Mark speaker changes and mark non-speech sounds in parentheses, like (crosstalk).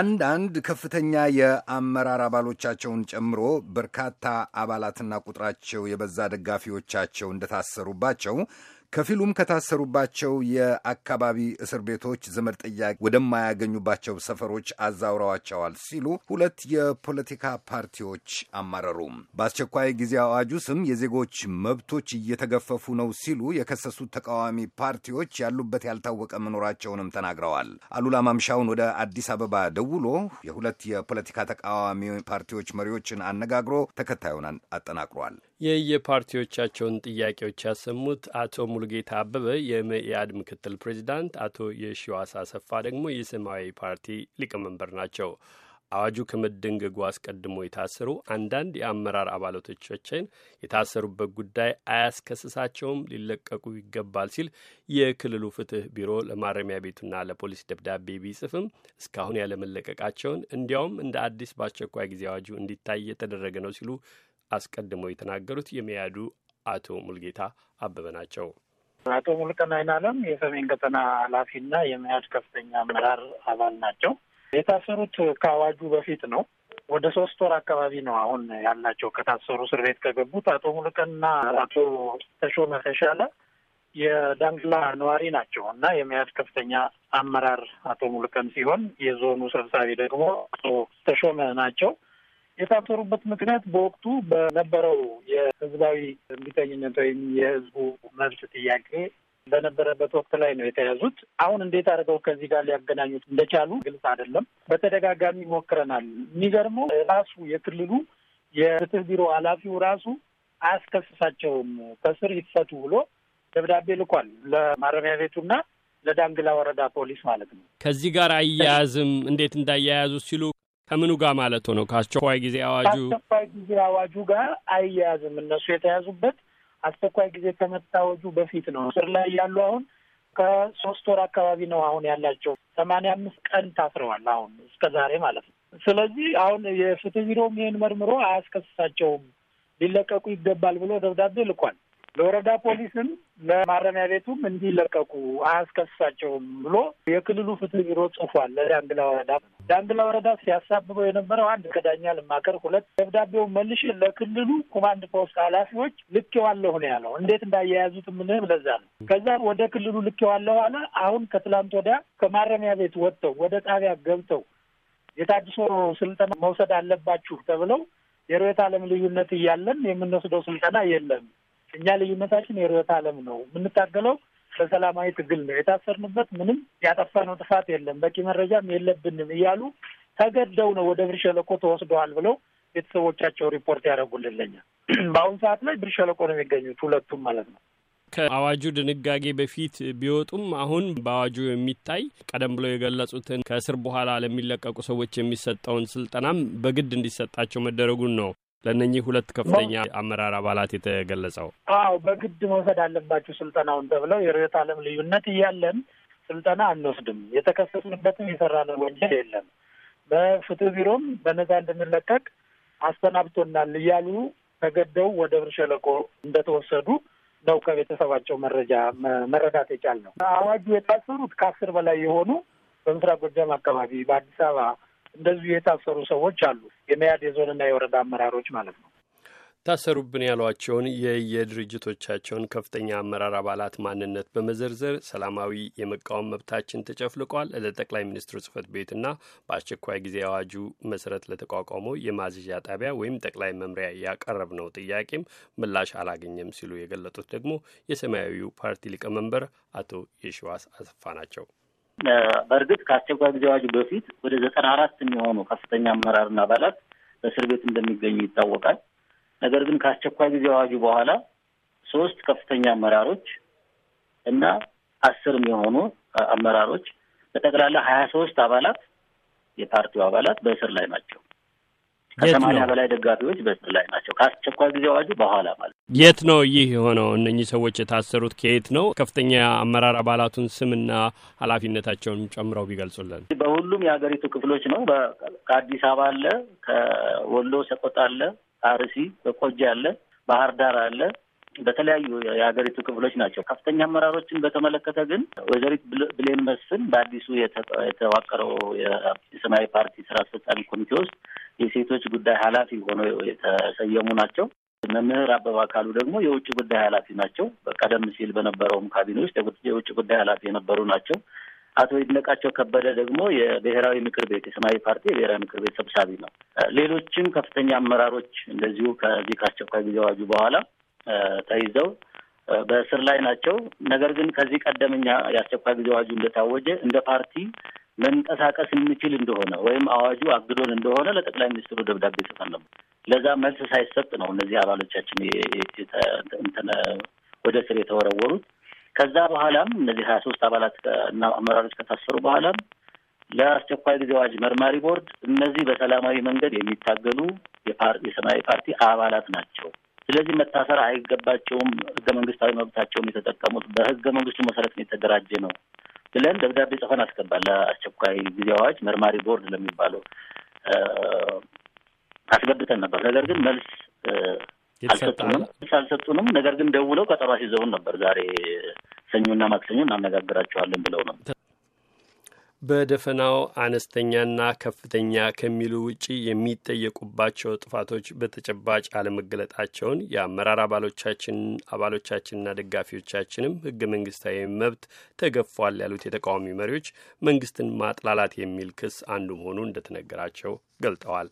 Speaker 1: አንዳንድ ከፍተኛ የአመራር አባሎቻቸውን ጨምሮ በርካታ አባላትና ቁጥራቸው የበዛ ደጋፊዎቻቸው እንደታሰሩባቸው ከፊሉም ከታሰሩባቸው የአካባቢ እስር ቤቶች ዘመድ ጥያቄ ወደማያገኙባቸው ሰፈሮች አዛውረዋቸዋል ሲሉ ሁለት የፖለቲካ ፓርቲዎች አማረሩ። በአስቸኳይ ጊዜ አዋጁ ስም የዜጎች መብቶች እየተገፈፉ ነው ሲሉ የከሰሱት ተቃዋሚ ፓርቲዎች ያሉበት ያልታወቀ መኖራቸውንም ተናግረዋል። አሉላ ማምሻውን ወደ አዲስ አበባ ደውሎ የሁለት የፖለቲካ ተቃዋሚ ፓርቲዎች መሪዎችን አነጋግሮ ተከታዩን አጠናቅሯል።
Speaker 2: የየፓርቲዎቻቸውን ጥያቄዎች ያሰሙት አቶ ሙሉጌታ አበበ የመኢአድ ምክትል ፕሬዚዳንት፣ አቶ የሺዋስ አሰፋ ደግሞ የሰማያዊ ፓርቲ ሊቀመንበር ናቸው። አዋጁ ከመደንገጉ አስቀድሞ የታሰሩ አንዳንድ የአመራር አባላቶቻችን የታሰሩበት ጉዳይ አያስከስሳቸውም፣ ሊለቀቁ ይገባል ሲል የክልሉ ፍትህ ቢሮ ለማረሚያ ቤቱና ለፖሊስ ደብዳቤ ቢጽፍም እስካሁን ያለመለቀቃቸውን እንዲያውም እንደ አዲስ በአስቸኳይ ጊዜ አዋጁ እንዲታይ የተደረገ ነው ሲሉ አስቀድመው የተናገሩት የሚያዱ አቶ ሙልጌታ አበበ ናቸው።
Speaker 3: አቶ ሙልቀን አይናለም የሰሜን ቀጠና ኃላፊና የሚያድ ከፍተኛ አመራር አባል ናቸው። የታሰሩት ከአዋጁ በፊት ነው። ወደ ሶስት ወር አካባቢ ነው አሁን ያላቸው ከታሰሩ እስር ቤት ከገቡት። አቶ ሙልቀና አቶ ተሾመ ተሻለ የዳንግላ ነዋሪ ናቸው እና የሚያድ ከፍተኛ አመራር አቶ ሙልቀን ሲሆን የዞኑ ሰብሳቢ ደግሞ አቶ ተሾመ ናቸው። የታሰሩበት ምክንያት በወቅቱ በነበረው የህዝባዊ እምቢተኝነት ወይም የህዝቡ መብት ጥያቄ በነበረበት ወቅት ላይ ነው የተያዙት። አሁን እንዴት አድርገው ከዚህ ጋር ሊያገናኙት እንደቻሉ ግልጽ አይደለም። በተደጋጋሚ ሞክረናል። የሚገርመው ራሱ የክልሉ የፍትህ ቢሮ ኃላፊው ራሱ አያስከስሳቸውም ከስር ይፈቱ ብሎ ደብዳቤ ልኳል ለማረሚያ ቤቱና ለዳንግላ ወረዳ ፖሊስ ማለት ነው።
Speaker 2: ከዚህ ጋር አያያዝም እንዴት እንዳያያዙ ሲሉ ከምኑ ጋር ማለት ነው? ከአስቸኳይ ጊዜ አዋጁ
Speaker 3: ከአስቸኳይ ጊዜ አዋጁ ጋር አይያያዝም። እነሱ የተያዙበት አስቸኳይ ጊዜ ከመታወጁ በፊት ነው። ስር ላይ ያሉ አሁን ከሶስት ወር አካባቢ ነው አሁን ያላቸው። ሰማንያ አምስት ቀን ታስረዋል አሁን እስከ ዛሬ ማለት ነው። ስለዚህ አሁን የፍትህ ቢሮም ይህን መርምሮ አያስከስሳቸውም ሊለቀቁ ይገባል ብሎ ደብዳቤ ልኳል። ለወረዳ ፖሊስም ለማረሚያ ቤቱም እንዲለቀቁ አያስከሳቸውም ብሎ የክልሉ ፍትህ ቢሮ ጽፏል። ለዳንግላ ወረዳ ዳንግላ ወረዳ ሲያሳብበው የነበረው አንድ ከዳኛ ልማከር፣ ሁለት ደብዳቤውን መልሼ ለክልሉ ኮማንድ ፖስት ኃላፊዎች ልኬዋለሁ ነው ያለው። እንዴት እንዳያያዙት ምንም ለዛ ነው። ከዛ ወደ ክልሉ ልኬዋለሁ አለ። አሁን ከትላንት ወዲያ ከማረሚያ ቤት ወጥተው ወደ ጣቢያ ገብተው የታድሶ ስልጠና መውሰድ አለባችሁ ተብለው የሮየት ዓለም ልዩነት እያለን የምንወስደው ስልጠና የለም እኛ ልዩነታችን የርዕዮተ ዓለም ነው። የምንታገለው በሰላማዊ ትግል ነው። የታሰርንበት ምንም ያጠፋነው ጥፋት የለም፣ በቂ መረጃም የለብንም እያሉ ተገደው ነው ወደ ብር ሸለቆ ተወስደዋል ብለው ቤተሰቦቻቸው ሪፖርት ያደረጉልለኛል። (clears throat) በአሁኑ ሰዓት ላይ ብር ሸለቆ ነው የሚገኙት ሁለቱም ማለት ነው።
Speaker 2: ከአዋጁ ድንጋጌ በፊት ቢወጡም አሁን በአዋጁ የሚታይ ቀደም ብለው የገለጹትን ከእስር በኋላ ለሚለቀቁ ሰዎች የሚሰጠውን ስልጠናም በግድ እንዲሰጣቸው መደረጉን ነው ለእነኚህ ሁለት ከፍተኛ አመራር አባላት የተገለጸው?
Speaker 3: አዎ በግድ መውሰድ አለባችሁ ስልጠናውን ተብለው የርዕዮተ ዓለም ልዩነት እያለን ስልጠና አንወስድም። የተከሰስንበትም የሰራነው ወንጀል የለም። በፍትህ ቢሮም በነዛ እንድንለቀቅ አሰናብቶናል እያሉ ተገደው ወደ ብር ሸለቆ እንደተወሰዱ ነው ከቤተሰባቸው መረጃ መረዳት የቻልነው። አዋጁ የታሰሩት ከአስር በላይ የሆኑ በምስራቅ ጎጃም አካባቢ በአዲስ አበባ እንደዚሁ የታሰሩ ሰዎች አሉ። የመያድ የዞንና የወረዳ አመራሮች ማለት ነው።
Speaker 2: ታሰሩብን ያሏቸውን የየድርጅቶቻቸውን ከፍተኛ አመራር አባላት ማንነት በመዘርዘር ሰላማዊ የመቃወም መብታችን ተጨፍልቋል፣ ለጠቅላይ ሚኒስትሩ ጽህፈት ቤትና በአስቸኳይ ጊዜ አዋጁ መሰረት ለተቋቋመው የማዘዣ ጣቢያ ወይም ጠቅላይ መምሪያ ያቀረብነው ጥያቄም ምላሽ አላገኘም ሲሉ የገለጡት ደግሞ የሰማያዊው ፓርቲ ሊቀመንበር አቶ የሸዋስ አሰፋ ናቸው።
Speaker 1: በእርግጥ ከአስቸኳይ ጊዜ አዋጁ በፊት ወደ ዘጠና አራት የሚሆኑ ከፍተኛ አመራርና አባላት በእስር ቤት እንደሚገኙ ይታወቃል። ነገር ግን ከአስቸኳይ ጊዜ አዋጁ በኋላ ሶስት ከፍተኛ አመራሮች እና አስር የሚሆኑ አመራሮች በጠቅላላ ሀያ ሶስት አባላት የፓርቲው አባላት በእስር ላይ ናቸው። ከሰማንያ በላይ ደጋፊዎች በእስር ላይ ናቸው። ከአስቸኳይ ጊዜ አዋጁ በኋላ ማለት
Speaker 2: የት ነው ይህ የሆነው? እነኚህ ሰዎች የታሰሩት ከየት ነው? ከፍተኛ አመራር አባላቱን ስምና ኃላፊነታቸውን ጨምረው ቢገልጹልን።
Speaker 1: በሁሉም የሀገሪቱ ክፍሎች ነው። ከአዲስ አበባ አለ፣ ከወሎ ሰቆጣ አለ፣ አርሲ በቆጂ አለ፣ ባህር ዳር አለ፣ በተለያዩ የሀገሪቱ ክፍሎች ናቸው። ከፍተኛ አመራሮችን በተመለከተ ግን ወይዘሪት ብሌን መስፍን በአዲሱ የተዋቀረው የሰማያዊ ፓርቲ ስራ አስፈጻሚ ኮሚቴ ውስጥ የሴቶች ጉዳይ ኃላፊ ሆነው የተሰየሙ ናቸው። መምህር አበባ አካሉ ደግሞ የውጭ ጉዳይ ኃላፊ ናቸው። ቀደም ሲል በነበረውም ካቢኔ ውስጥ የውጭ ጉዳይ ኃላፊ የነበሩ ናቸው። አቶ ይድነቃቸው ከበደ ደግሞ የብሔራዊ ምክር ቤት የሰማያዊ ፓርቲ የብሔራዊ ምክር ቤት ሰብሳቢ ነው። ሌሎችም ከፍተኛ አመራሮች እንደዚሁ ከዚህ ከአስቸኳይ ጊዜ አዋጁ በኋላ ተይዘው በእስር ላይ ናቸው። ነገር ግን ከዚህ ቀደም እኛ የአስቸኳይ ጊዜ አዋጁ እንደታወጀ እንደ ፓርቲ መንቀሳቀስ እንችል እንደሆነ ወይም አዋጁ አግዶን እንደሆነ ለጠቅላይ ሚኒስትሩ ደብዳቤ ጽፈን ለዛ መልስ ሳይሰጥ ነው እነዚህ አባሎቻችን ወደ እስር የተወረወሩት። ከዛ በኋላም እነዚህ ሀያ ሶስት አባላት እና አመራሮች ከታሰሩ በኋላም ለአስቸኳይ ጊዜ አዋጅ መርማሪ ቦርድ እነዚህ በሰላማዊ መንገድ የሚታገሉ የሰማያዊ ፓርቲ አባላት ናቸው ስለዚህ መታሰር አይገባቸውም። ህገ መንግስታዊ መብታቸውን የተጠቀሙት በህገ መንግስቱ መሰረት የተደራጀ ነው ብለን ደብዳቤ ጽፈን አስገባል። ለአስቸኳይ ጊዜ አዋጅ መርማሪ ቦርድ ለሚባለው አስገብተን ነበር። ነገር ግን መልስ አልሰጡንም። መልስ አልሰጡንም። ነገር ግን ደውለው ቀጠሮ ሲዘውን ነበር። ዛሬ ሰኞና ማክሰኞ እናነጋግራቸዋለን ብለው ነው።
Speaker 2: በደፈናው አነስተኛና ከፍተኛ ከሚሉ ውጪ የሚጠየቁባቸው ጥፋቶች በተጨባጭ አለመገለጣቸውን የአመራር አባሎቻችን አባሎቻችንና ደጋፊዎቻችንም ህገ መንግስታዊ መብት ተገፏል ያሉት የተቃዋሚ መሪዎች መንግስትን ማጥላላት የሚል ክስ አንዱ መሆኑ እንደተነገራቸው ገልጠዋል።